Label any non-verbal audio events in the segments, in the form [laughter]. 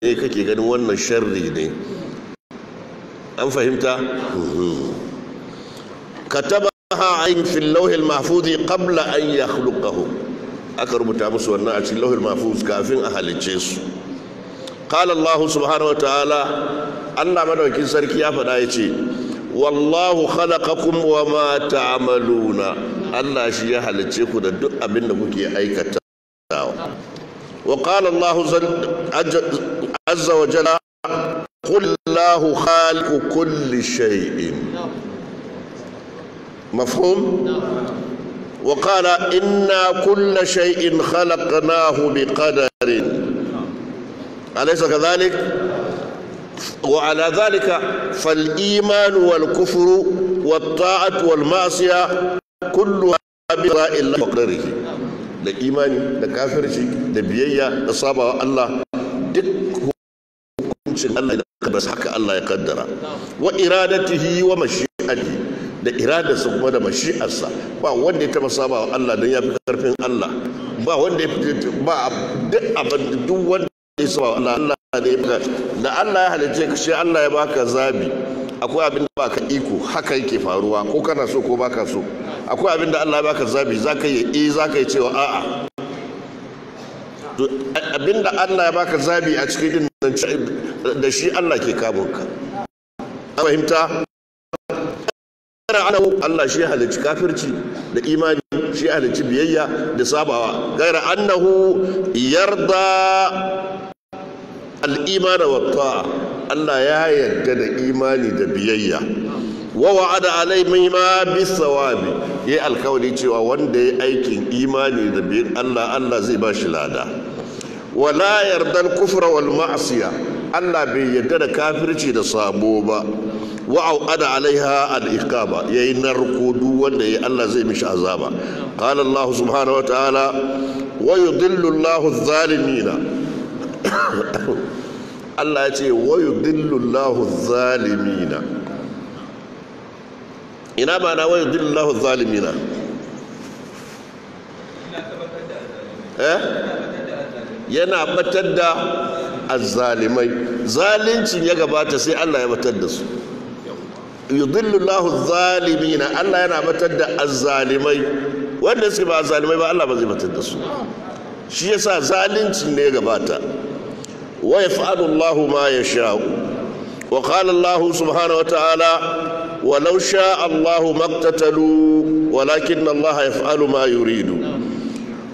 eh kake ganin wannan sharri ne an fahimta katabaha ayn fil lawh kabla mahfuz qabla an yakhluqahu aka rubuta musu wannan a cikin lawh mahfuz kafin a halicce su qala allah subhanahu wa ta'ala Allah madaukin sarki ya faɗa yace wallahu khalaqakum wa ma ta'maluna Allah shi ya halicce ku da duk abin da kuke aikata وقال الله عز وجل قل الله خالق كل شيء مفهوم وقال إنا كل شيء خلقناه بقدر أليس كذلك وعلى ذلك فالإيمان والكفر والطاعة والمعصية كلها بقدر الله وقدره da imani da kafirci da biyayya da sabawa Allah duk hukuncin Allah da kaddara haka Allah ya kaddara wa iradatihi wa mashi'ati da iradarsa kuma da mashi'arsa ba wanda ya taba sabawa Allah dan ya fi karfin Allah ba wanda ya ba duk abin duk wanda ya sabawa Allah Allah da Allah ya halice ka shi Allah ya baka zabi akwai abin da baka iko haka yake faruwa ko kana so ko baka so akwai abin da Allah ya baka zabi zaka yi eh zaka yi cewa a'a abin da Allah ya baka zabi a cikin din da shi Allah ke kamun ka fahimta kana anahu Allah shi halicci kafirci da imani shi halicci biyayya da sabawa gaira annahu yarda al'imana wa ta'a Allah ya yarda da imani da biyayya wa wa'ada alaihi ma bisawabi yayi alkawari cewa wanda ya aikin imani da biyin Allah Allah zai ba shi lada wala yardan kufra wal ma'siya Allah bai yarda da kafirci da sabo ba wa au'ada alaiha al-iqaba yayi narko duk wanda yayi Allah zai mishi azaba qala Allah subhanahu wa ta'ala wa yudillu adh-dhalimin [coughs] Allah ya ce wa yudillullahu zalimina ina ba na wa yudillullahu zalimina eh yana batar da azzalimai zalincin ya gabata sai Allah ya batar da su yudillullahu zalimina Allah yana batar da azzalimai wanda suke ba azzalimai ba Allah ba zai batar da su shi yasa zalincin ne ya gabata ويفعل الله ما يشاء وقال الله سبحانه وتعالى ولو شاء الله ما اقتتلوا ولكن الله يفعل ما يريد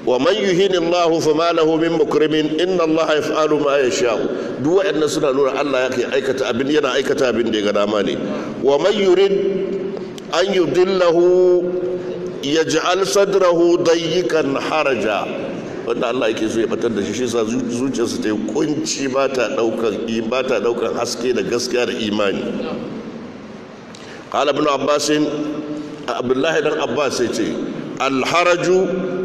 ومن يهين الله فما له من مكرم ان الله يفعل ما يشاء دو ان سنا نور الله يكي ايكتا ابن ينا ايكتا ابن دي غداما ني ومن يريد ان يضله يجعل صدره ضيقا حرجا wanda Allah yake so ya batar da shi shi sa zuciyarsa ta yi kunci ba ta daukan ba ta daukan haske da gaskiya da imani qala ibn abbas abdullahi dan abbas sai ce الحرج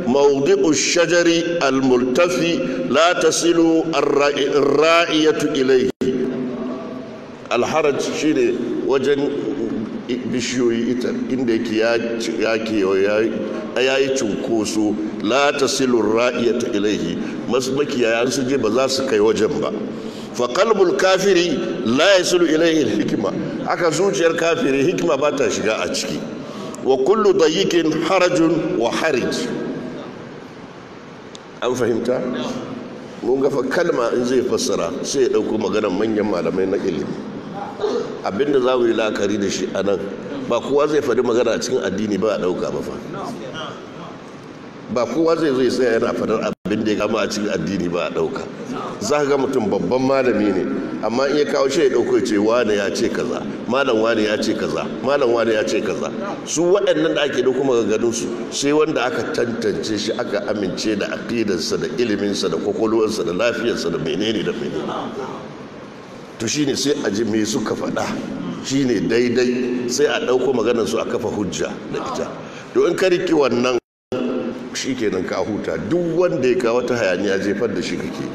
موضع الشجر الملتفي لا تصل الرائية إليه الحرج شيء wajen bishiyoyi ita inda yake ya ya yi cunkoso la ta ra'iya ta ilaihi masu makiyaya su je ba za su kai wajen ba fa kalbul kafiri la ya silu ilaihi hikima aka zuciyar kafiri hikima ba ta shiga a ciki wa kullu dayikin harajun wa harij an fahimta mun gafa kalma in zai fassara sai ya ɗauko maganar manyan malamai na ilimi abinda za mu yi la'akari da shi a nan ba kowa zai faɗi magana cikin addini ba a ɗauka ba fa ba kowa zai zo ya tsaya yana faɗar abin da ya gama a cikin addini ba a ɗauka za ka ga mutum babban malami ne amma in ya kawo shi ya ɗauko ya ce wane ya ce kaza malam wane ya ce kaza malam wane ya ce kaza su waɗannan da ake ɗauko maganganun su sai wanda aka tantance shi aka amince da aƙidarsa da iliminsa da kwakwalwarsa da lafiyarsa da menene da menene to shine sai a ji me suka faɗa shine daidai sai a ɗauko maganar su a kafa hujja da ita to in ka riki wannan kenan ka huta duk wanda ya kawo ta hayaniya jefar da shi kake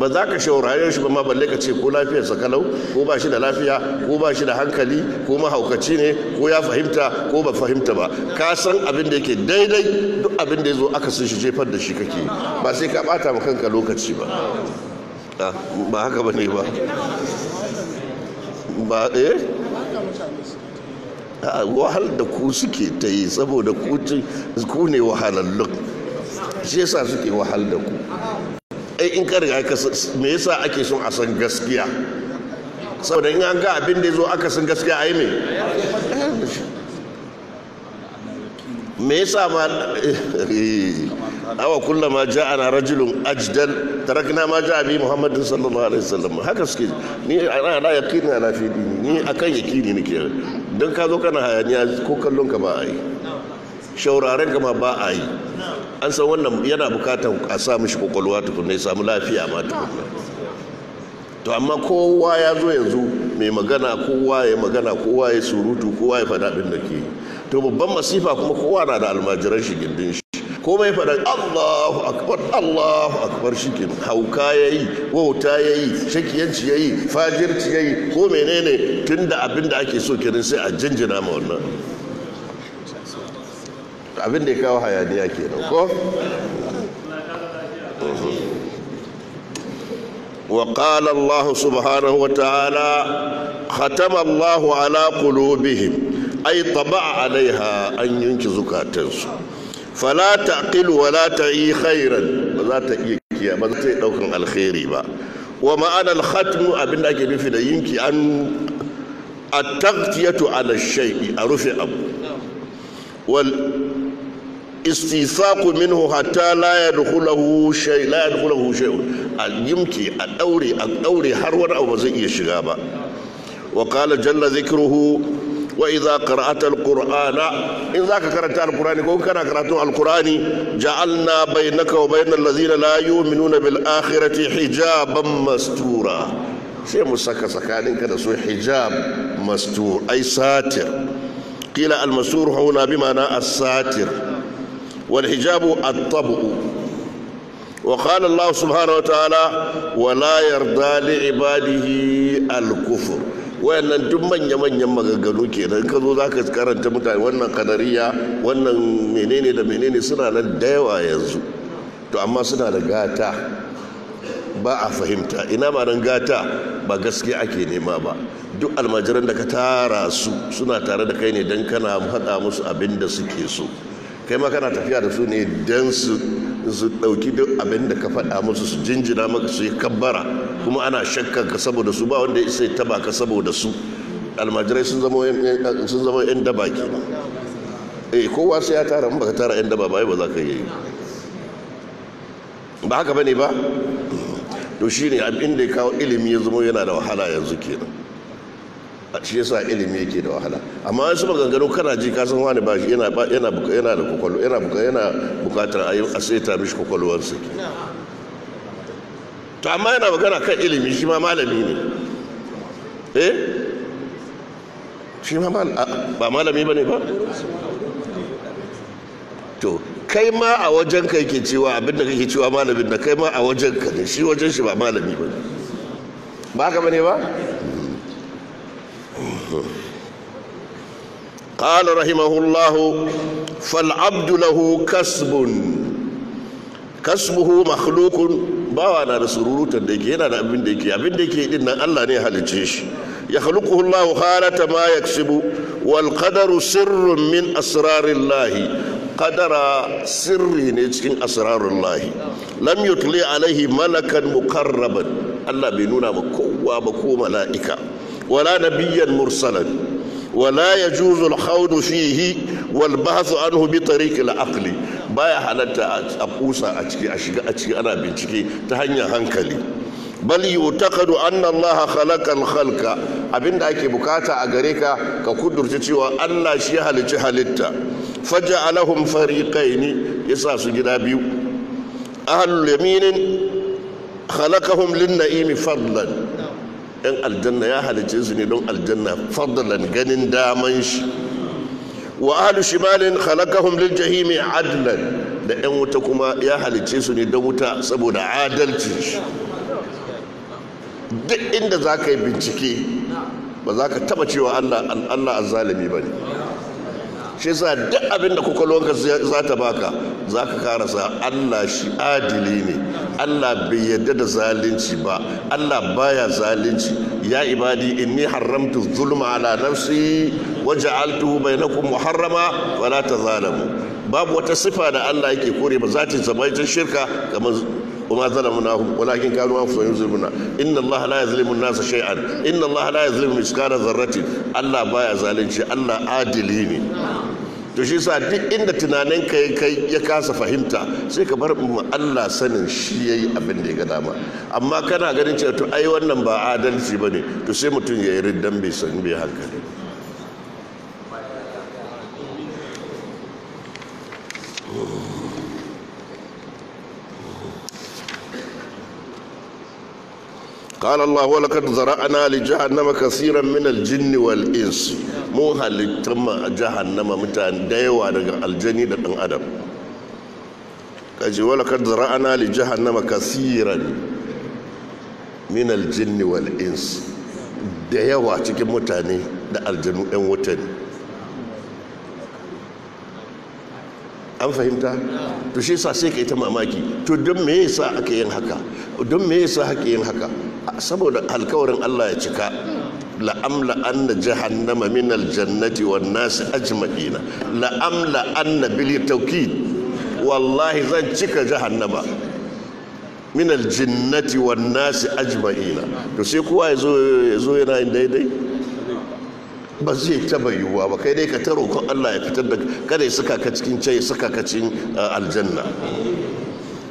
ba za ka shaurare shi ba ma balle ka ce ko lafiyarsa kalau ko ba shi da lafiya ko ba shi da hankali ko mahaukaci ne ko ya fahimta ko ba fahimta ba ka san abin da yake daidai duk abin da ya zo aka sun shi jefar da shi kake ba sai ka bata ma kanka lokaci ba ah, ba haka ba ne ba ba eh wahal da ku suke ta yi saboda ku ne wahalallun shi yasa suke wahal da ku ai eh, in ka riga ka me yasa ake son a san gaskiya saboda in an ga abin da ya zo aka san gaskiya ai me me yasa ma eh, eh, awa ma ja ana rajulun ajdal tarakna ma ja bi muhammadin sallallahu alaihi wasallam haka suke ni ana na yaqini ana fi dini ni akan yaqini nake dan ka zo kana hayaniya ko kallon ka ba a yi shauraren ka ma ba a yi an san wannan yana bukatar a sa mishi kokolwa tukunna ne samu lafiya ma tukunna to amma kowa ya zo yanzu mai magana kowa ya magana kowa ya surutu kowa ya faɗaɗin da ke to babban masifa kuma kowa na da almajiran shi gindin shi komai faɗa Allahu akbar Allahu akbar shike hauka ya yi, wauta ya yi, shakiyanci yayi fajirci yi, ko menene tunda abin da ake so kenan sai a jinjina ma wannan abin da ya kawo hayaniya kenan ko وقال الله سبحانه وتعالى ختم الله على قلوبهم أي طبع عليها أن ينكزك تنسوا فلا تعقل ولا تعي خيرا ولا تعي كيا ما تقول الخير با وما انا الختم ابن اجي في دينك ان التغطيه على الشيء ارفع ابو والاستيفاق منه حتى لا يدخله شيء لا يدخله شيء اليمكي الأوري الأوري هارون او زي الشغابه وقال جل ذكره وإذا قرأت القرآن إن ذاك قرأت القرآن كون كان قرأت القرآن جعلنا بينك وبين الذين لا يؤمنون بالآخرة حجابا مستورا شيء mu saka كده سوي حجاب مستور أي ساتر قيل المستور هنا بمعنى الساتر والحجاب الطبع وقال الله سبحانه وتعالى ولا يرضى لعباده الكفر wayannan duk manya-manyan maganganu kenan ka zo za ka karanta mutane wannan kanariya wannan menene da menene suna nan da yawa yanzu to amma suna da gata ba a fahimta ina ma nan gata ba gaskiya ake nema ba duk almajiran da ka tara su suna tare da kai ne don kana haɗa musu abin da suke so kai ma kana tafiya da su ne don su su ɗauki duk abin da ka faɗa musu su jinjina maka su yi kabbara kuma ana shakka ka saboda su ba wanda sai taba ka saboda su almajirai sun zama yan daba kenan eh kowa sai ya tara mun baka tara yan daba ba ba za ka yi ba haka bane ba to shine abin da ya kawo ilimi ya zama yana da wahala yanzu kenan A shi yasa ilimi yake da wahala amma wani suka maganganu kana ji ka san wani bashi yana yana yana da kokolo yana yana bukatar a saita mishi kokolwar sa to amma yana magana kan ilimi shi ma malami ne eh shi ma ba malami bane ba to kai ma a wajen ka yake cewa abinda kake cewa malamin da kai ma a wajen ka ne shi wajen shi ba malami bane ba haka bane ba قال رحمه الله فالعبد له كسب kasbuhu makhluqun bawa na da sururutar da yake yana da abin da yake abin da yake din nan Allah ne halicce shi ya khaluquhu Allahu halata ma yaksibu wal qadaru sirrun min asrarillahi qadara sirri ne cikin asrarillahi lam yutli alaihi malakan muqarraban Allah bai nuna ma kowa ba ko mala'ika ولا نبيا مرسلا ولا يجوز الخوض فيه والبحث عنه بطريق العقل بايا حالتا أبوسا أتكي أشكي أتكي أنا بنتكي تهنيا هنكلي bal yu'taqadu anna Allah khalaqal khalqa abinda ake buƙata a gare ka ka kudurta cewa Allah shi halicci halitta faja'alahum fariqain yasa su gida biyu ahlul yaminin khalaqahum lin-na'imi fadlan yan aljanna ya halice su ne don aljanna fadalan ganin daman shi wa ahlu shimalin khalaqahum lil jahimi adlan da yan wuta kuma ya halice su ne don wuta saboda adalci duk inda za ka yi bincike ba za ka taba cewa allah allah azzalimi ba ne shi yasa duk abin da kwakwalwanka za ta baka za ka karasa allah shi adili ne allah bai yadda da zalunci ba allah baya zalunci ya ibadi inni haramtu zulma ala nafsi waja'altuhu bainakum muharrama ta tazalamu babu wata sifa da allah yake kore ba za ta zama ita shirka kamar وما ظلمناهم ولكن كانوا انفسهم يظلمون ان الله لا يظلم الناس شيئا ان الله لا يظلم مثقال ذره الله بايا زالنشي الله عادلي to shi sa duk inda tunanin ka ya kai ya kasa fahimta sai ka bar mu Allah sanin shi yayi abin da ya ga dama amma kana ganin cewa to ai wannan ba adalci bane to sai mutum ya yi riddan bai san bai hankali قال الله ولقد زرعنا لجهنم كثيرا من الجن والإنس مو هل تم جهنم متان دايوا الجن دان أدم kaji wala kad zara'ana li jahannama kasiran min aljinn wal da yawa cikin mutane da aljanu ɗan wuta an fahimta to shi sa sai ta mamaki to don me yasa aka yin haka don me yasa aka yin haka saboda alkawarin Allah ya cika la'amla anna jahannama min aljannati wan nas ajma'ina la'amla anna bil tawkid wallahi zan cika jahannama min aljannati wan nas ajma'ina to sai kowa ya zo yana yin daidai ba zai taba yiwuwa ba kai dai ka taro ko Allah ya fitar da kada ya saka ka cikin cai saka ka cikin ah, aljanna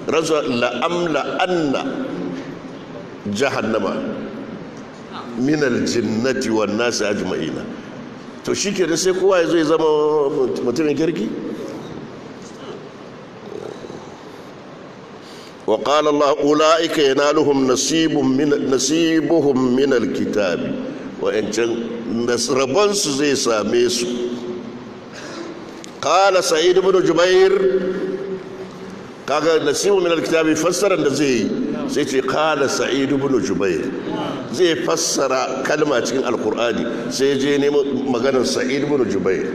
razu la'amla anna jahannama minal jinnati wan nasi ajma'ina to shi ke sai kowa ya ya zama mutumin kirki wa qala allah ulaika yanaluhum nasibun min nasibuhum min alkitab wa incan nasraban su zai same su qala sa'id ibn jubair kaga nasibun min alkitab fassaran da zai yi sai ce kala sa'id ibn jubair zai fassara kalma cikin alkur'ani sai je ne maganar sa'id ibn jubair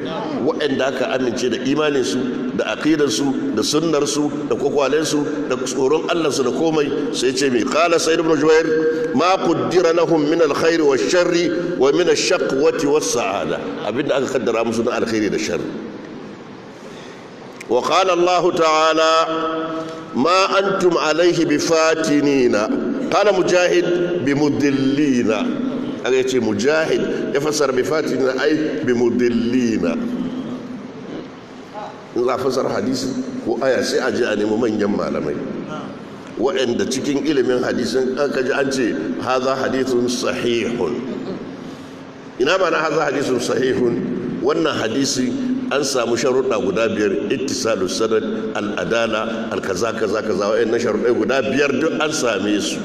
waɗanda aka amince da imanin su da aqidar su da sunnar su da kokwalen su da tsoron Allah su da komai sai ce mai kala sa'id ibn jubair ma qaddara lahum min alkhairi wash-sharri wa min ash-shaqqwati was-sa'ada abinda aka kaddara musu na alkhairi da sharri وقال الله تعالى ما أنتم عليه بفاتنين قال مجاهد بمدلين أغيتي مجاهد يفسر بفاتنين أي بمدلين in za fasar hadisi ko aya sai a je a nemi manyan malamai waɗanda cikin ilimin hadisin aka ji an ce haza hadithun sahihun ina mana na haza sahihun wannan hadisi an samu sharuɗa guda biyar ittisalu sanad al'adala alkaza kaza kaza wayannan sharuɗa guda biyar duk an same su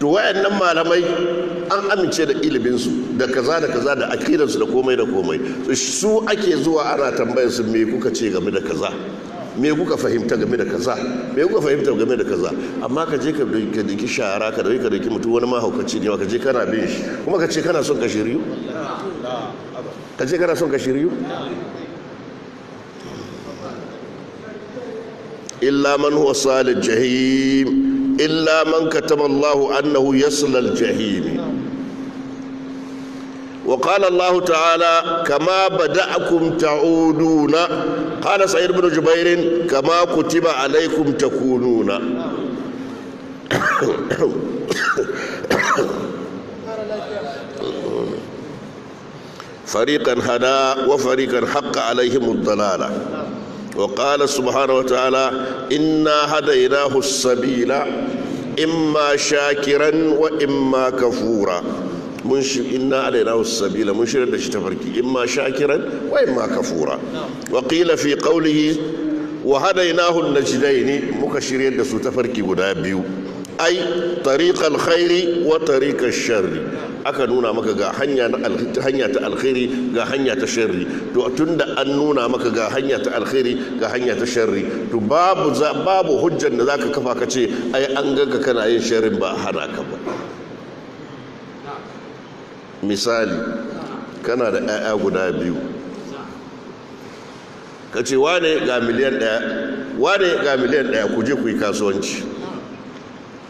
to wayannan malamai an amince da iliminsu da kaza da kaza da akidansu da komai da komai su ake zuwa ana tambayar su me kuka ce game da kaza me kuka fahimta game da kaza me kuka fahimta game da kaza amma ka je ka daki shara ka dauki ka daki mutum wani mahaukaci ne ka je kana bin shi kuma ka ce kana son ka shiryu ka je kana son ka shiryu إلا من هو صال الجحيم إلا من كتب الله أنه يصل الجحيم وقال الله تعالى كما بدأكم تعودون قال سعيد بن جبير كما كتب عليكم تكونون فريقا هدى وفريقا حق عليهم الضلاله وقال سبحانه وتعالى إنا هديناه السبيل إما شاكرا وإما كفورا mun shi inna alaina sabila mun shirya da shi tafarki imma shakiran wa imma kafura wa qila fi wa muka shirya da su tafarki guda biyu ai tariƙar khairi wa tariƙar sharri aka nuna maka ga hanya ta alkhairi ga hanya ta sharri to tunda an nuna maka ga hanya ta alkhairi ga hanya ta sharri to babu babu hujjar da zaka kafa ka ce ai an ganka kana yin sharrin ba hana ka ba misali kana da ƴaƴa guda biyu ka ce wane ga miliyan ɗaya wane ga miliyan ɗaya ku je ku yi kasuwanci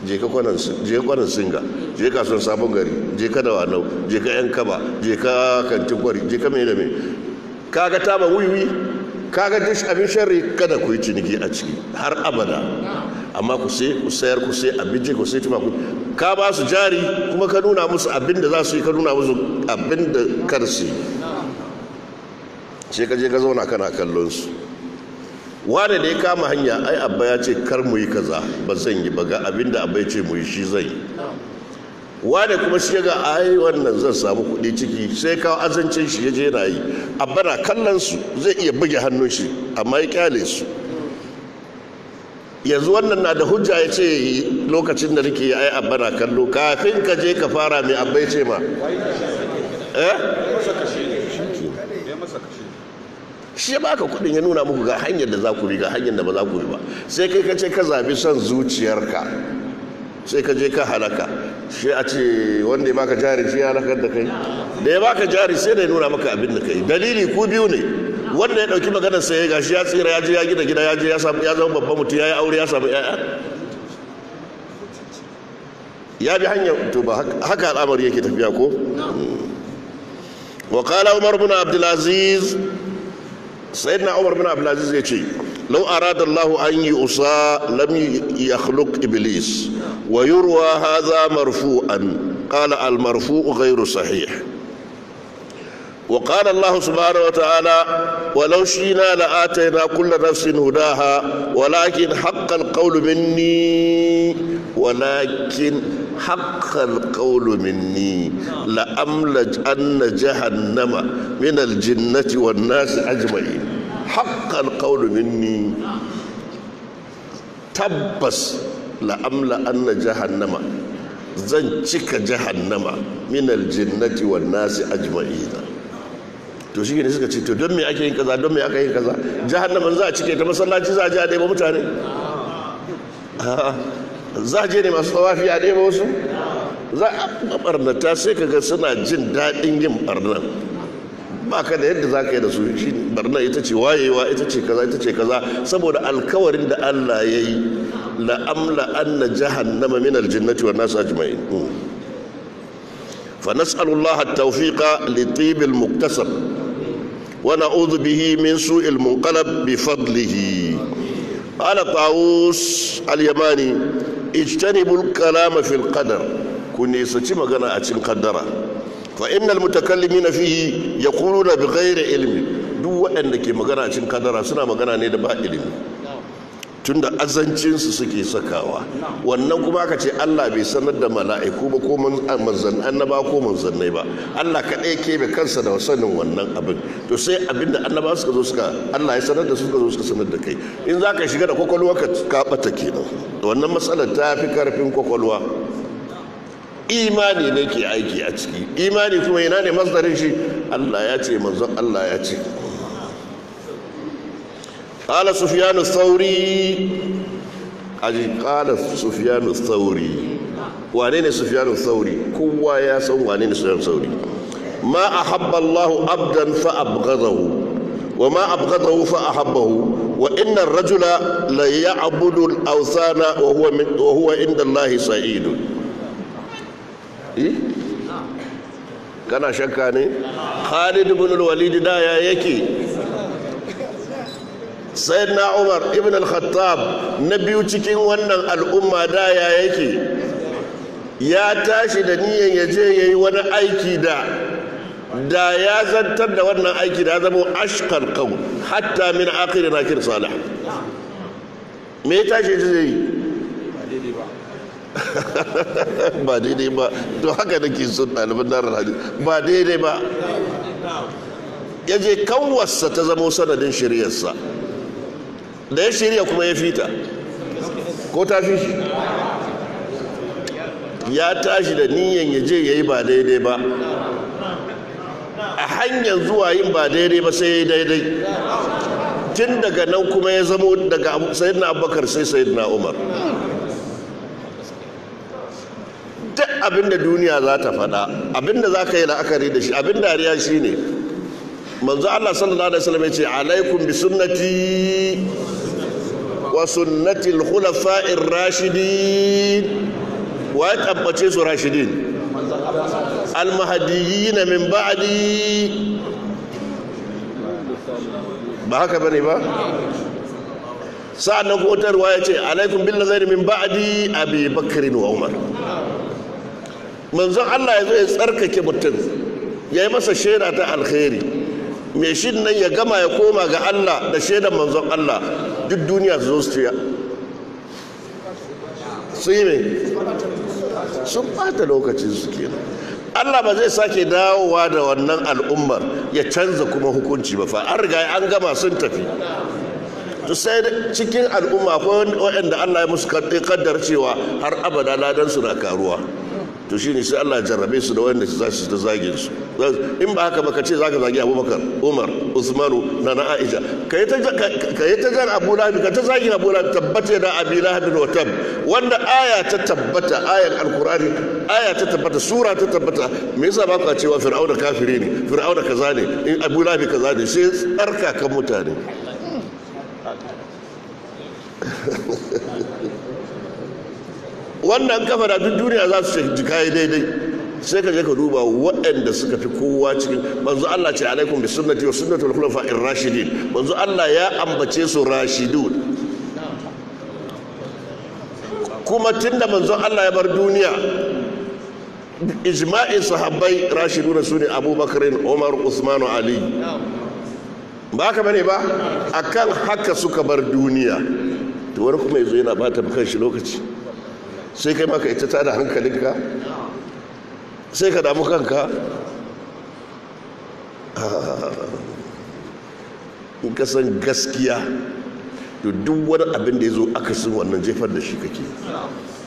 je kwanan singa je kasuwar sabon gari je ka dawanau je ka yan kaba je ka kantin kwari je ka mai da mai kaga taba wiwi kaga dish abin shari kada ku yi ciniki a ciki har abada amma ku sai ku sayar ku sai abinci ku sai tuma ku ka ba su jari kuma ka nuna musu abin da za su yi ka nuna musu abin da karsi su sai ka je ka zauna kana kallon su wane da ya kama hanya ai abba ya ce kar mu yi kaza ba zan yi ba ga abin da abba ya ce mu yi shi zai wane kuma shi ga ai wannan zan samu kuɗi ciki sai kawo azancin shi ya je na yi abba na kallon su zai iya buge hannun shi amma ya kyale su yanzu wannan na da hujja ya ce lokacin da nake ai abba na kallo kafin ka je ka fara mai abba ya ce ma eh shi ya baka kuɗin ya nuna muku ga hanyar da za ku bi ga hanyar da ba za ku bi ba sai kai ka ce ka zabi son zuciyarka sai ka je ka halaka shi a ce wanda ya baka jari shi ya halakar da kai da ya baka jari sai da ya nuna maka abin da kai dalili ku biyu ne wanda ya ɗauki maganar sai ga shi ya tsira ya je ya gina gida ya je ya samu ya zama babban mutum ya yi aure ya samu 'ya'ya ya bi hanyar to ba haka al'amari yake tafiya ko wa qala umar bin Abdulaziz. سيدنا عمر بن عبد العزيز يجي لو أراد الله أن يؤصى لم يخلق إبليس ويروى هذا مرفوعا قال المرفوع غير صحيح وقال الله سبحانه وتعالى ولو شئنا لآتينا كل نفس هداها ولكن حق القول مني ولكن حق القول مني لأملج أن جهنم من الجنة والناس أجمعين حق القول مني تبس لأملا أن جهنم zan cika jahannama minal jinnati wan to shi ne suka ce to don me ake yin kaza don me aka yin kaza jahannaman za a cike ta masallaci za a ji a mutane za je ne masu tsawafi a ɗaya wasu za a barnata sai ka ga suna jin daɗin yin barnan ba ka da yadda za ka yi da su shi barnan ita ce wayewa ita ce kaza ita ce kaza saboda alkawarin da Allah ya yi la'amla anna jahannama min aljannati wa nasu ajma'in فنسأل الله التوفيق لطيب المكتسب ونعوذ به من سوء المنقلب بفضله قال طاووس اليماني اجتنبوا الكلام في القدر كن يسجي مغنى أتشن قدرة فإن المتكلمين فيه يقولون بغير علم دو أنك مغنى أتشن قدرة سنة مغنى ندبا علم tunda azancinsu suke sakawa wannan kuma ka ce Allah bai sanar da mala'iku ba ko manzan annaba ko manzannai ba Allah kaɗai ke bai kansa da sanin wannan abin to sai abin da annaba suka zo suka Allah ya sanar da su suka zo suka sanar da kai in za ka shiga da kwakwalwa ka kaɓata kenan wannan matsalar ta fi karfin kwakwalwa imani ne ke aiki a ciki imani kuma yana ne masdarin shi Allah ya ce manzon Allah ya ce قال سفيان الثوري sufiyanu tsauri wane ya san wane ne sufiyanu tsauri ma a habballahu abdan fa abgazahu wa ma abgazahu fa a habbahu wa inna rajula la ya abudu ausana wa huwa inda Allahi sa'idu kana shakka ne khalid ibn walid da ya yake sayyidina umar ibn al-khattab na biyu cikin wannan al'umma da ya yake ya tashi da niyan ya je ya yi wani aiki da da ya zantar da wannan aiki da ya zama ashkar kau hatta min na akir da, me ya tashi ya zai yi [laughs] ba daidai ba to haka ke son ɗalibin darar hadis ba daidai ba ya je kanwarsa ta zama sanadin shiryarsa da ya shirya kuma ya fita ko ta fi shi ya tashi da niyan ya je ya yi ba daidai ba a hanyar zuwa yin ba daidai ba sai ya yi daidai tun daga nan kuma ya zama daga na abubakar sai na umar duk abinda duniya za ta faɗa abinda za ka yi la'akari da shi abin dariya shi ne manzo Allah sallallahu alaihi wasallam yace alaikum bi sunnati wa sunnati al-khulafa'i ar-rashidin wa tabbace su rashidin al-mahdiyyin min ba'di ba haka bane ba sa'annan ko wata ruwaya ce alaikum bil nazari min ba'di abi bakr wa umar manzon Allah ya zo ya tsarkake mutum ya yi masa shaida ta alkhairi mai shi nan ya gama ya koma ga Allah da shaidan manzon Allah duk duniya su zo su tuya su yi mai sun bata lokacin su Allah ba zai sake dawowa da wannan al'ummar ya canza kuma hukunci ba fa an riga an gama sun tafi to sai cikin al'umma akwai waɗanda Allah ya musu kaddar cewa har abada ladan su na karuwa to shine sai Allah jarrabe su da wanda za su ta zage su in ba haka ba ka ce zaka zage Abubakar Umar Usman na na Aisha ka yi ta ka ta jar Abu Lahab ka ta zagi Abu Lahab tabbata da Abi Lahab wa tab wanda aya ta tabbata ayan Alqur'ani aya ta tabbata sura ta tabbata me yasa ba ka cewa Fir'auna kafiri ne Fir'auna kaza ne Abu Lahab kaza ne sai tsarka kan mutane [laughs] wannan kafa da duk duniya za su ji kayi daidai sai ka je ka duba waɗanda suka fi kowa cikin manzo Allah ce alaikum bi sunnati wa sunnatul khulafa'ir rashidin manzo Allah ya ambace su rashidun kuma tunda manzon Allah ya bar duniya ijma'in sahabbai rashiduna sune Abubakar Umar Usman Ali ba ka bane ba akan haka suka bar duniya to wani kuma yazo yana bata kan shi lokaci sai kai maka ita tada hankalinka sai ka damu kanka ah, in ka san gaskiya to duk wani abin da ya zo akasin wannan jefar da shi kake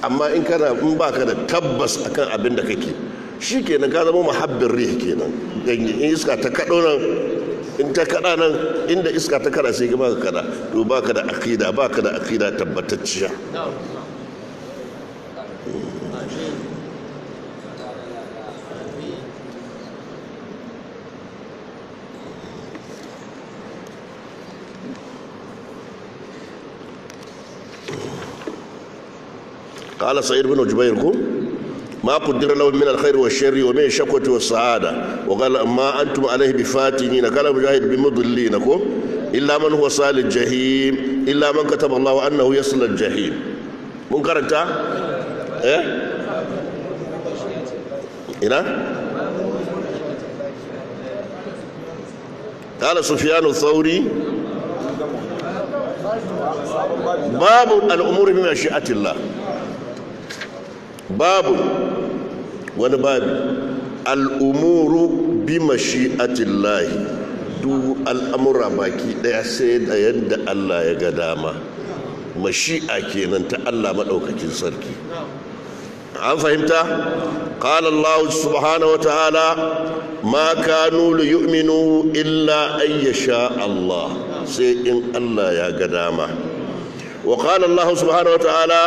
amma in ka in ba ka da tabbas akan abin da kake shi kenan ka zama muhabbin rihi kenan in iska ta kaɗo nan in ta kaɗa nan inda iska ta kaɗa sai ka ba ka kaɗa to ba ka da akida ba ka da akida tabbatacciya على صعيد بن جبيركم ما قدر له من الخير والشر ومن الشقوة والسعادة وقال ما أنتم عليه بفاتنين قال مجاهد بمضلينكم إلا من هو صال الجحيم إلا من كتب الله أنه يصل الجحيم منكر أنت إيه هنا؟ قال سفيان الثوري باب الأمور بمشيئة الله babu wani babu al'umuru bi mashi'atillahi duk al'amura baki ɗaya sai da yadda Allah ya ga dama mashi'a kenan ta Allah maɗaukakin sarki an fahimta qala Allah subhanahu wataala ma kanu liyu'minu illa an yasha Allah sai in Allah ya ga dama wa qala Allah subhanahu wataala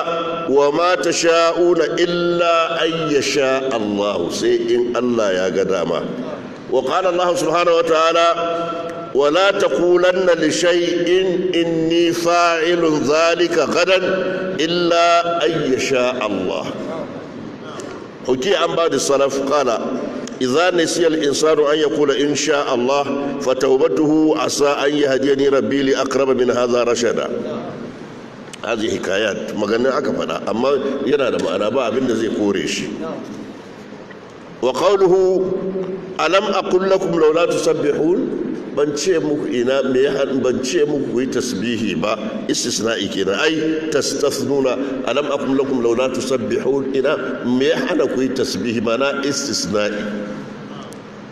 وما تشاءون إلا أن يشاء الله سيئن الله يا قدامة وقال الله سبحانه وتعالى ولا تقولن لشيء إني فاعل ذلك غدا إلا أن يشاء الله حكي عن بعض السلف قال إذا نسي الإنسان أن يقول إن شاء الله فتوبته عسى أن يهديني ربي لأقرب من هذا رشدا hazi hikayat maganin aka faɗa amma yana da ma'ana ba abin da zai kore shi wa qawluhu alam aqul lakum law la tusabbihun ban ce muku ina me ya ban ce muku yi tasbihi ba istisna'i kenan ai tastasnuna alam aqul lakum law la tusabbihun ina me ya hana ku yi tasbihi mana istisna'i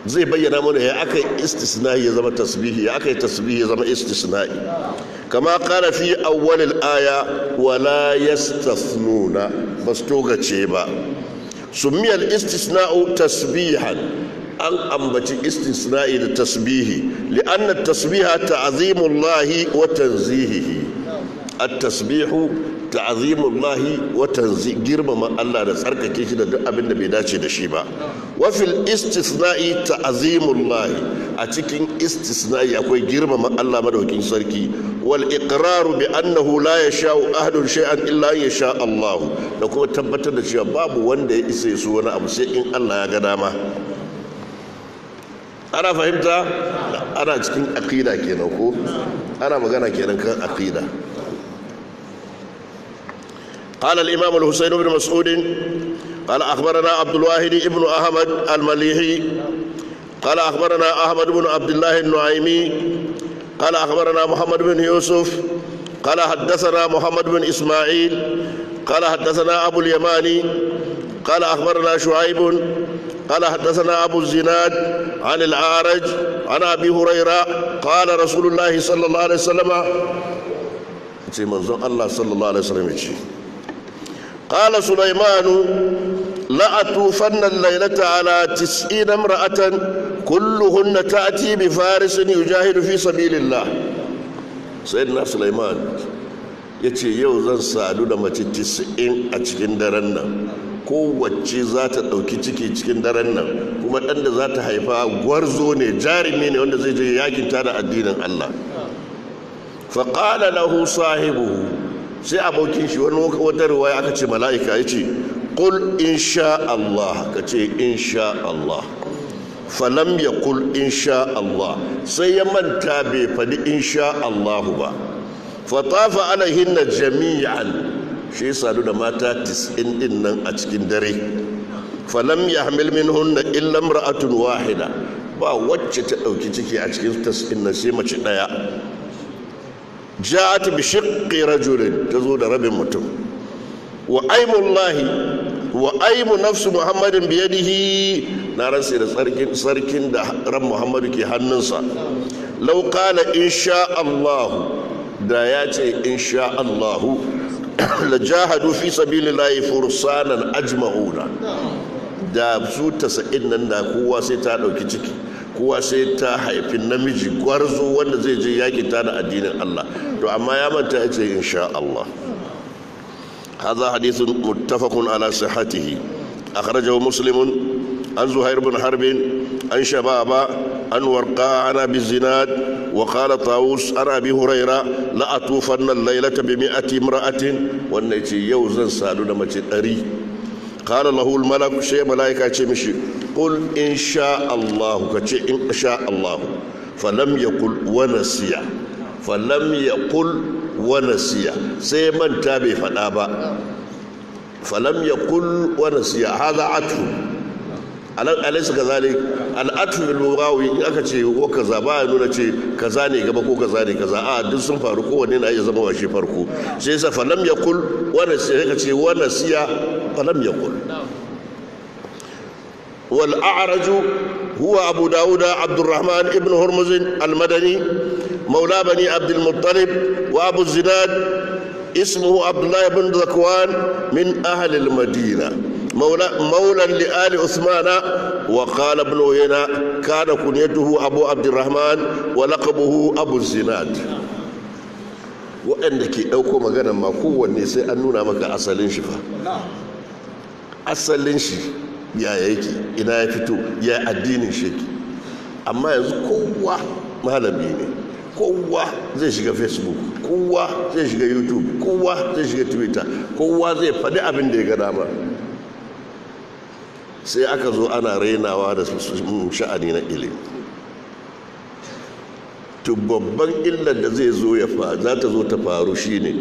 zai bayyana mana ya aka yi istisna'i ya zama tasbihi ya aka yi tasbihi ya zama istisna'i kama kara fi awwalil aya wala yastathnuna ba su togace ba sumiyal istisna'u tasbihan an ambaci istisna'i da tasbihi li'anna tasbiha ta'zimullahi wa tanzihihi at-tasbihu ta'azimullahi wa tanzi girmama Allah da tsarkake shi da duk abin da bai dace da shi ba wa fil istisna'i ta'azimullahi a cikin istisna'i akwai girmama Allah madaukin sarki wal iqraru bi annahu la yasha'u ahadun shay'an illa an yasha Allah da kuma tabbatar da cewa babu wanda ya isa su wani abu sai in Allah ya ga dama ana fahimta ana cikin aqida kenan ko ana magana kenan kan aqida قال الإمام الحسين بن مسعود قال أخبرنا عبد الواحد بن أحمد المليحي قال أخبرنا أحمد بن عبد الله النعيمي قال أخبرنا محمد بن يوسف قال حدثنا محمد بن إسماعيل قال حدثنا أبو اليماني قال أخبرنا شعيب قال حدثنا أبو الزناد عن العارج عن أبي هريرة قال رسول الله صلى الله عليه وسلم sai manzon Allah sallallahu alaihi wasallam ya ce قال سليمان لأتوفن الليلة على تسعين امرأة كلهن تأتي بفارس يجاهد في سبيل الله سيدنا سليمان yace yau zan sadu da mace 90 a cikin daren nan kowace za ta ɗauki ciki cikin daren nan kuma ɗan da za ta haifa gwarzo ne jarumi ne wanda zai je yakin da addinin Allah faƙala lahu sahibu sai abokin shi wani wata ruwaya aka ce mala'ika ya ce kul insha Allah ka ce insha Allah falam ya kul insha Allah sai ya manta bai faɗi insha Allah ba fatafa ana hinna jami'an shi sadu da mata tis'in din nan a cikin dare falam ya hamil min hunna illa ra'atun wahida ba wacce ta ɗauki ciki a cikin tas'in nan sai mace ɗaya ja'at bi shiqqi rajulin tazo da rabin mutum wa aimullahi wa aimu nafsu muhammadin biyadihi na rantsi da sarkin da ran muhammadu ke hannunsa law qala insha da ya ce insha Allah [coughs] la jahadu fi sabilillahi fursanan ajma'una da su tasa'in nan da kowa sai ta ɗauki ciki kowa sai ta haifi namiji gwarzo wanda zai je yaki ta da addinin Allah to amma ya manta ya ce insha Allah hadha hadithun muttafaqun ala sihhatihi akhrajahu muslimun an zuhair bin harbin an shababa an warqa ana bizinad wa qala tawus an abi huraira la atufanna al-laylata bi mi'ati imra'atin wannan yace yau zan sadu da mace 100 qala lahu al-malak shay malaika ce mishi qul insha Allah kace in sha Allah falam yaqul wa nasiya falam yaqul wa nasiya sai manta bai faɗa ba falam yaqul wa nasiya hadha atfu alan alaysa kazalik al atfu bil murawi in aka ce ko kaza ba ya nuna kaza ne gaba ko kaza ne kaza a duk sun faru kowanne na iya zama washe farko sai والأعرج هو أبو داود عبد الرحمن ابن هرمز المدني مولى بني عبد المطلب وأبو الزناد اسمه عبد الله بن ذكوان من أهل المدينة مولى مولى لآل عثمان وقال ابن عيينة كان كنيته أبو عبد الرحمن ولقبه أبو الزناد waɗanda ke ɗauko magana ma kowanne sai an nuna maka asalin shi fa asalin shi ya yake ina ya fito ya addinin sheki amma yanzu kowa malami ne kowa zai shiga facebook kowa zai shiga youtube kowa zai shiga twitter kowa zai faɗi abin da ya ga dama sai aka zo ana rainawa da mm, sha'ani na ilimi to babban illar da zai zo ya fa za ta zo ta faru shine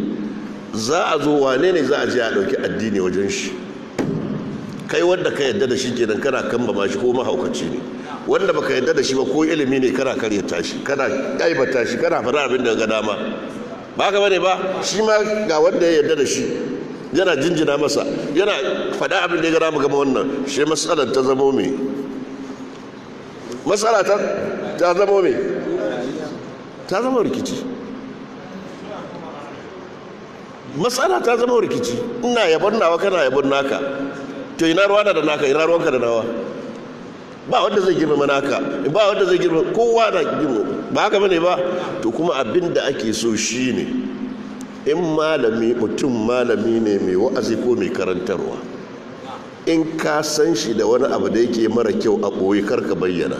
za a zo wane ne za a je a ɗauki addini wajen shi kai wanda ka yadda da shi kenan kana ba shi ko mahaukaci ne wanda baka yadda da shi ba ko ilimi ne kana karya tashi kana aibata shi kana fara abin da ga dama ba ka bane ba shi ma ga wanda ya yadda da shi yana jinjina masa yana faɗa abin da ya gama gama wannan shi matsalar ta zamo me matsala ta zamo me ta zama rikici matsala ta zama rikici ina yabon nawa kana yabon naka to ina ruwa da naka ina ruwanka da nawa ba wanda zai girmama naka ba wanda zai girmama kowa na girma ba haka bane ba to kuma abin da ake so shine in malami mutum malami ne mai wa'azi ko mai karantarwa in ka san shi da wani abu da yake mara kyau a ɓoye kar ka bayyana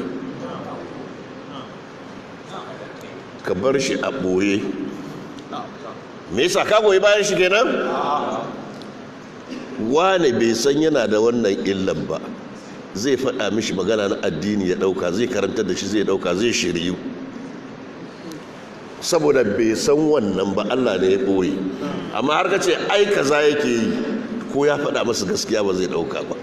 ka bar shi a ɓoye me yasa ka goyi bayan shi kenan wane bai san yana da wannan illan ba zai faɗa mishi magana na addini ya ɗauka zai karanta da shi zai ɗauka zai shiryu saboda bai san wannan ba Allah ne ya ɓoye amma har ka ce ai kaza yake yi ko ya faɗa masa gaskiya ba zai ɗauka ba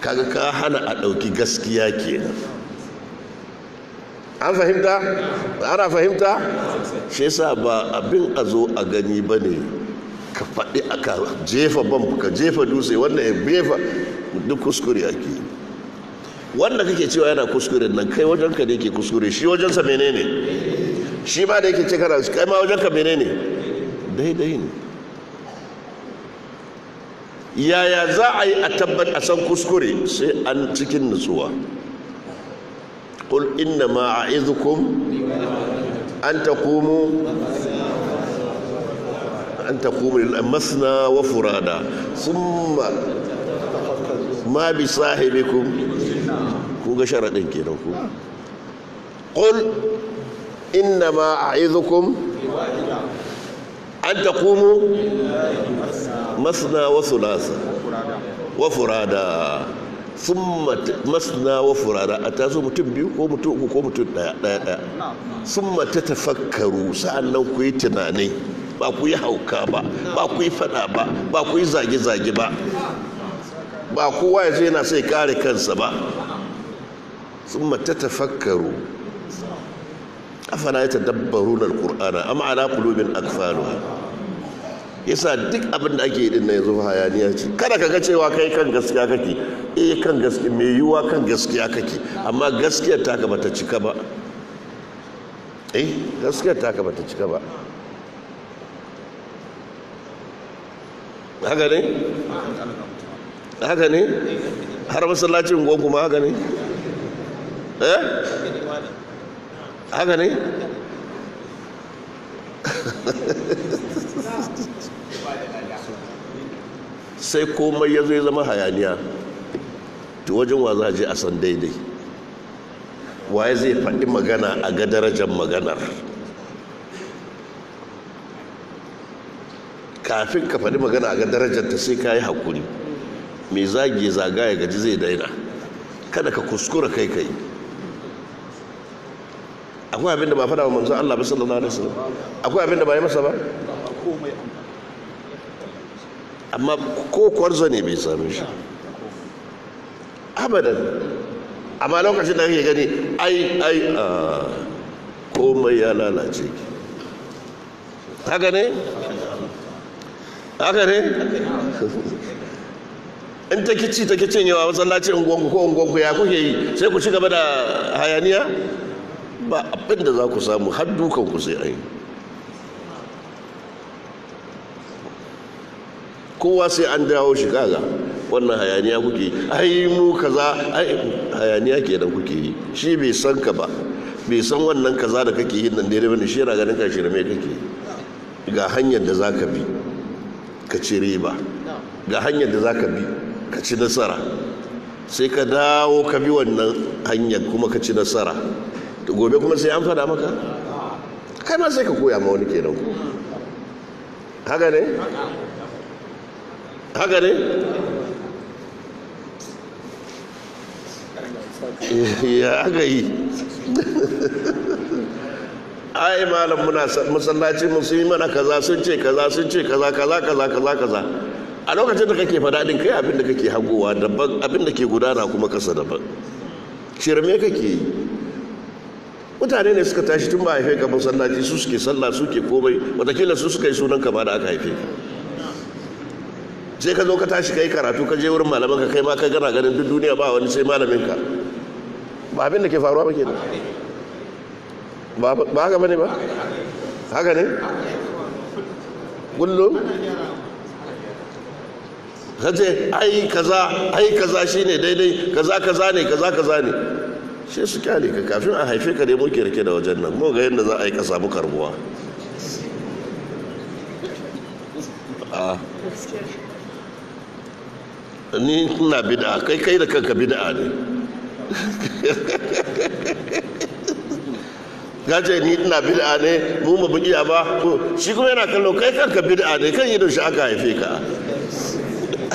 kaga ka hana a ɗauki gaskiya kenan an fahimta ana fahimta shi yasa ba abin a zo a gani ba ne ka faɗi aka jefa bam ka jefa dutse wannan ya befa duk kuskure ake wanda kake cewa yana kuskure nan kai wajen ka ne ke kuskure shi wajen sa menene shi ma da yake ce kana kai ma wajen ka menene daidai ne yaya za a yi a tabbat a san kuskure sai an cikin nutsuwa qul inna ma a'idukum an taqumu أن تقوم مثنى وفرادا ثم ما بصاحبكم كون شرط كده قل إنما أعيذكم أن تقوموا مسنا وثلاثا وفرادا ثم مسنا وفرادا أتازو متبيو ومتوقو ومتوقو ثم تتفكروا سألنا كويتنا نيه ba ku yi hauka ba ba ku yi fada ba ba ku yi zage-zage ba ba kowa ya zo yana sai kare kansa ba sun mata tafakkaru afala ya dabbaru na alkur'ana amma ana kulubin Ya yasa duk abin da ake yi din na yanzu hayaniya ce kada ka ga cewa kai kan gaskiya kake eh kan gaskiya mai yiwuwa kan gaskiya kake amma gaskiyar ta ka bata cika ba eh gaskiyar ta ka bata cika ba haka ne haka ne har masallacin gwan kuma haka ne eh haka ne [laughs] sai komai ya zai zama hayaniya to wajen wa za a je a san daidai waye zai faɗi magana a ga darajar maganar kafin ka faɗi magana ga darajarta sai ka yi haƙuri mai zage zaga ya gaji zai daina kada ka kuskura kai kai akwai abinda ba faɗa wa manzo Allah ba sallallahu alaihi wasallam akwai abinda ba yi masa ba amma ko kwarzo ne bai same shi abadan amma lokacin da kake gani ai ai komai ya lalace haka ne haka ne in ta kici ta kicin yawa masallaci unguwanku ko unguwanku ya kuke yi sai ku ci gaba da hayaniya ba abin da za ku samu har dukan ku sai ai kowa sai an dawo shi kaga wannan hayaniya kuke yi ai mu kaza ai hayaniya kenan kuke yi shi bai san ka ba bai san wannan kaza da kake yi nan daidai bane shi yana ganin ka shirme kake ga hanyar da za ka bi ka ci riba ga hanyar da za ka bi ka ci nasara sai ka dawo ka bi wannan hanyar kuma ka ci nasara to gobe kuma sai an fada maka kai ma sai ka koya ma wani kenan ku haka ne haka ne [laughs] ya haka yi [laughs] ai malam muna masallaci musulmi mana kaza sun ce kaza sun ce kaza kaza kaza kaza kaza a lokacin da kake fada din kai abin da kake hagowa daban abin da ke gudana kuma kasa daban shirme kake yi mutane ne suka tashi tun ba haife ka masallaci su suke sallah su ke komai watakila su suka yi sunan ka ba da aka haife sai ka zo ka tashi ka yi karatu ka je wurin malaman ka kai ma ka gana ganin duk duniya ba wani sai malamin ka ba abin da ke faruwa ba kenan ba haka bane ba haka ne kullum kace ai kaza ai kaza shine daidai kaza kaza ne kaza kaza ne shi su kyale ka kafin a haife ka ne muke rike da wajen nan mu ga yadda za a yi ka samu karbuwa ni na bid'a kai kai da kanka bid'a ne [laughs] ya ce ni ina bid'a ne mu mu iya ba shi kuma yana kallo kai kanka bid'a ne kan yadda shi aka haife ka [laughs]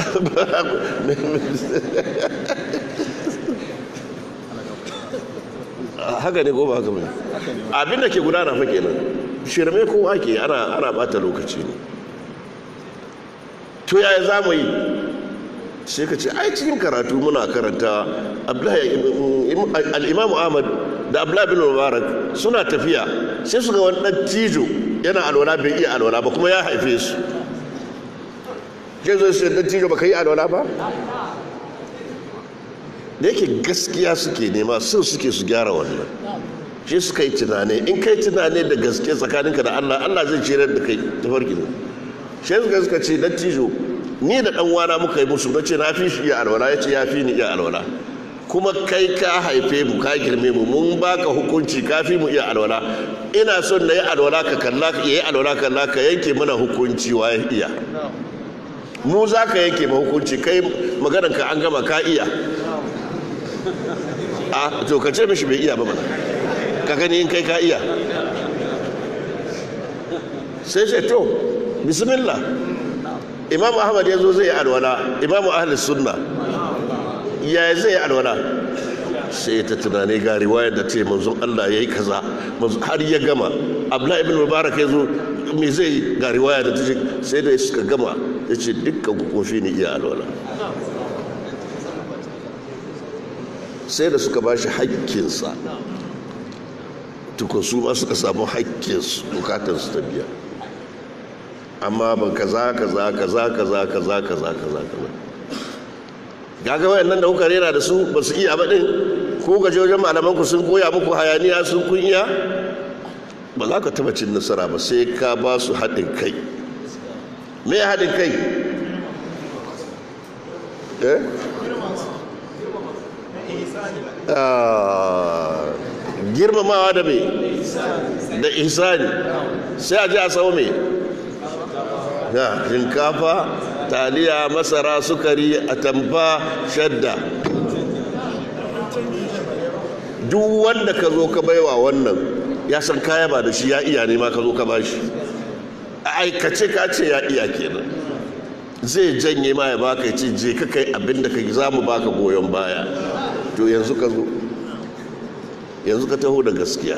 haka ne ko ba haka bane abin da ke gudana fa kenan shirme ko ake ana ana bata lokaci ne to yaya za mu yi sai ka ce ai cikin karatu muna karanta abdullahi al-imam ahmad da abdullahi bin mubarak suna tafiya sai su ga wani dan tijo yana alwala bai iya alwala ba kuma ya haife su zai zo su dan tijo baka yi alwala ba da yake gaskiya suke nema sun suke su gyara wannan shi suka yi tunane in kai tunane da gaske tsakaninka da allah allah zai cire da kai ne shi suka suka ce dan tijo ni da dan wana muka yi musu na ce na fi shi iya alwala ya ce ya fi ni iya alwala kuma kai ka haife mu ka girme mu mun baka hukunci kafi mu iya alwala ina son na yi alwala ka kalla ka yi alwala kalla ka yanke mana hukunci wa ya iya mu za ka yanke ma hukunci kai maganar ka an gama ka iya a to ka ce mishi bai iya ba mana ka gani in kai ka iya sai sai to bismillah imam ahmad ya zo zai yi alwala imam ahlus sunna ya zai alwala sai ta tunani ga riwayar da ce manzon Allah yi kaza har ya gama Abdullah ibn Mubarak ya zo me zai ga riwaya da ta ce? sai da suka gama yace dukkan ku kofi ne iya alwala sai da suka bashi haƙƙinsa tukun su ma suka samu haƙƙinsu bukatarsu ta biya amma ban kaza kaza kaza kaza kaza kaza kaza kaza gaga wayannan da kuka rera da su ba su iya ba din ko gaje wajen malaman ku sun koya muku hayaniya sun kun iya ba za ka taba cin nasara ba sai ka ba su haɗin kai me haɗin kai eh? ah, girmamawa da me da ihsani sai a ji a sau me ya shinkafa taliya masara sukari a tamfa shadda duk wanda ka zo ka baiwa wannan ya san kaya ba da shi ya iya ne ma ka zo ka ba shi a aikace ka ce ya iya kenan zai janye ma ya baka ce je ka kai abinda da za mu baka goyon baya to yanzu ka zo yanzu ka taho da gaskiya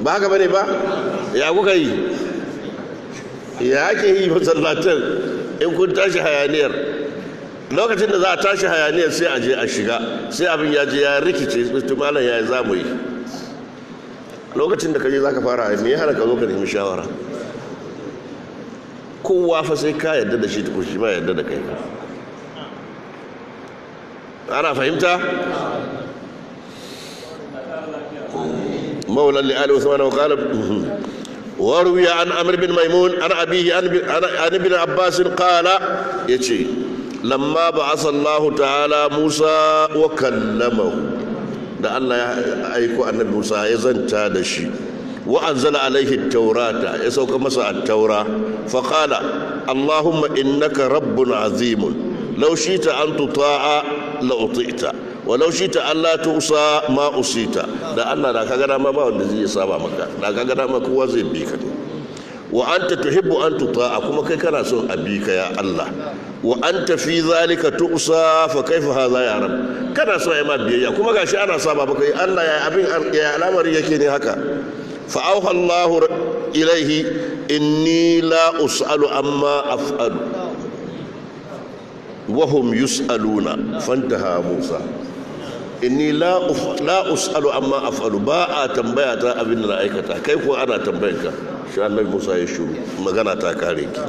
ba haka bane ba ya kuka yi ya ke yi masallacin in kun tashi hayaniyar lokacin da za a tashi hayaniyar sai a je a shiga sai abin ya je ya rikice malam ya za mu yi lokacin da je za ka fara me ya hana ka zo ka nemi shawara kowa fa sai ka yadda da shi tukun shi ma yadda da kai ana fahimta maulan li ali usman wa وروي عن عمرو بن ميمون عن أبيه عن ابن عباس قال يتي لما بعث الله تعالى موسى وكلمه da Allah ya aiko annabi Musa ya zanta da shi wa anzala alaihi taurata ya sauka masa at-taura fa qala allahumma innaka rabbun azimun law shi'ta an tuta'a la uti'ta walau shi ta Allah ta usa ma usita da Allah da kaga dama ba wanda zai saba maka da kaga dama kowa zai bi ka ne wa anta tuhibbu an tuta'a kuma kai kana son a bi ka ya Allah wa anta fi zalika tu'sa fa kaifa hadha ya rab kana so ai ma biyayya kuma gashi ana saba maka ya Allah ya abin ya al'amari yake ne haka fa auha Allah ilaihi inni la us'alu amma af'alu وهم يسألون Fantaha Musa. inni la us'alu amma af'alu ba a tambaya ta abin da na aikata kai ko ana tambayar ka shi Allah Musa ya shuru magana ta kare ki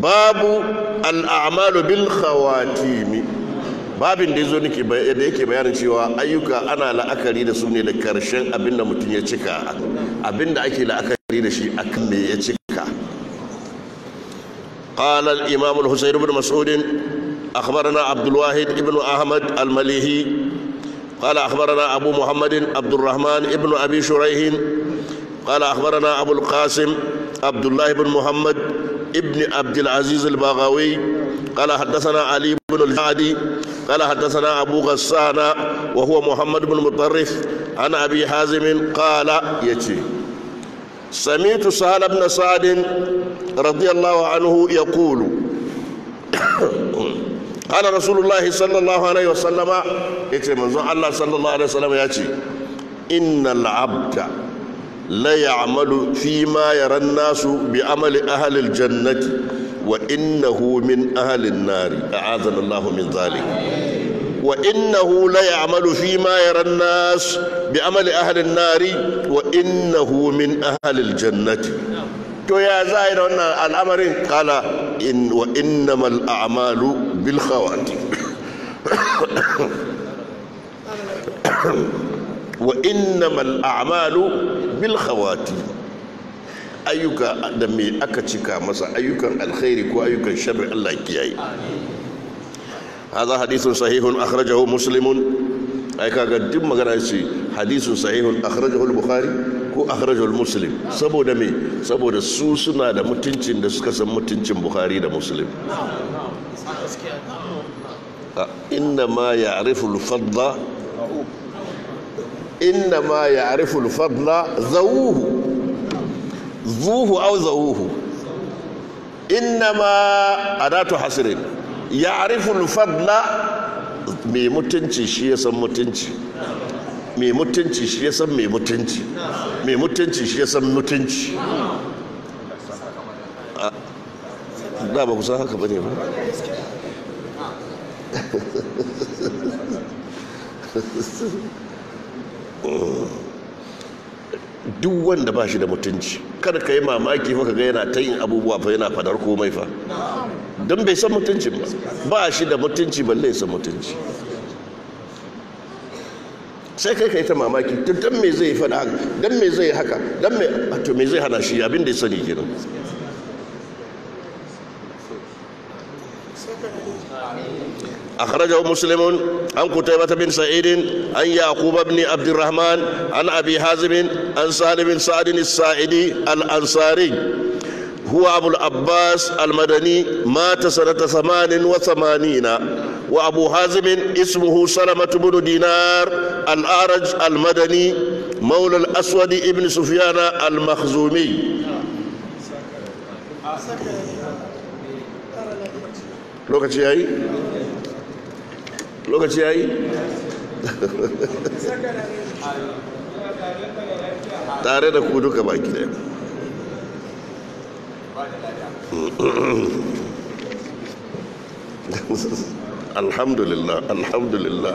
babu al'amalu bil khawatimi babin da yazo nake da yake bayanin cewa ayyuka ana la'akari da su ne da karshen abin da mutum ya cika abin da ake la'akari da shi akan me ya cika قال الإمام الحسين بن مسعود أخبرنا عبد الواحد بن أحمد المليهي قال أخبرنا أبو محمد عبد الرحمن بن أبي شريح قال أخبرنا أبو القاسم عبد الله بن محمد ابن عبد العزيز الباغاوي قال حدثنا علي بن الجعدي قال حدثنا أبو غسان وهو محمد بن مطرف عن أبي حازم قال يتي سمعت سهل بن سعد رضي الله عنه يقول قال رسول الله صلى الله عليه وسلم يتي منزون الله صلى الله عليه وسلم ياتي إن العبد لا يعمل فيما يرى الناس بعمل أهل الجنة وإنه من أهل النار أعاذنا الله من ذلك wa innahu la ya'malu fi ma yara nas bi amali ahli nari wa innahu min ahli aljannati to ya za da wannan al'amarin kala in wa innamal a'malu bil khawati [coughs] wa innamal a'malu da me aka cika masa ayyukan alkhairi ko ayukan sharri Allah kiyaye هذا حديث صحيح أخرجه مسلم أي كاغا دم مغانا حديث صحيح أخرجه البخاري ko akhrajul saboda me saboda su suna da mutuncin da suka san mutuncin bukhari da muslim inna ma ya'rifu al-fadla inna ma ya'rifu al-fadla zawuhu hasrin ya'riful fadla mai mutunci shi ya san mutunci mai mutunci shi ya san mai mutunci mai mutunci shi ya san mutunci da ba kusan haka bane ba duk wanda ba shi da mutunci kada ka yi mamaki fa ka ga yana ta yin abubuwa fa yana fadar komai fa don bai san mutuncin ba ba shi da mutunci balle san mutunci sai kai ka yi ta mamaki don me zai fada haka don me zai haka don me to me zai hana shi abin da ya sani gina a kharajar musulmin an kuta mata bin sa'idin an yi yaqub ibn abdurrahman an abi hazimin an salimin sa'idin sa'idi al-ansari هو أبو العباس المدني مات سنة ثمان وثمانين وأبو حازم اسمه سلمة بن دينار الأعرج المدني مولى الأسود ابن سفيان المخزومي lokaci ya yi? lokaci ya yi? tare da ku duka baki daya [laughs] alhamdulillah alhamdulillah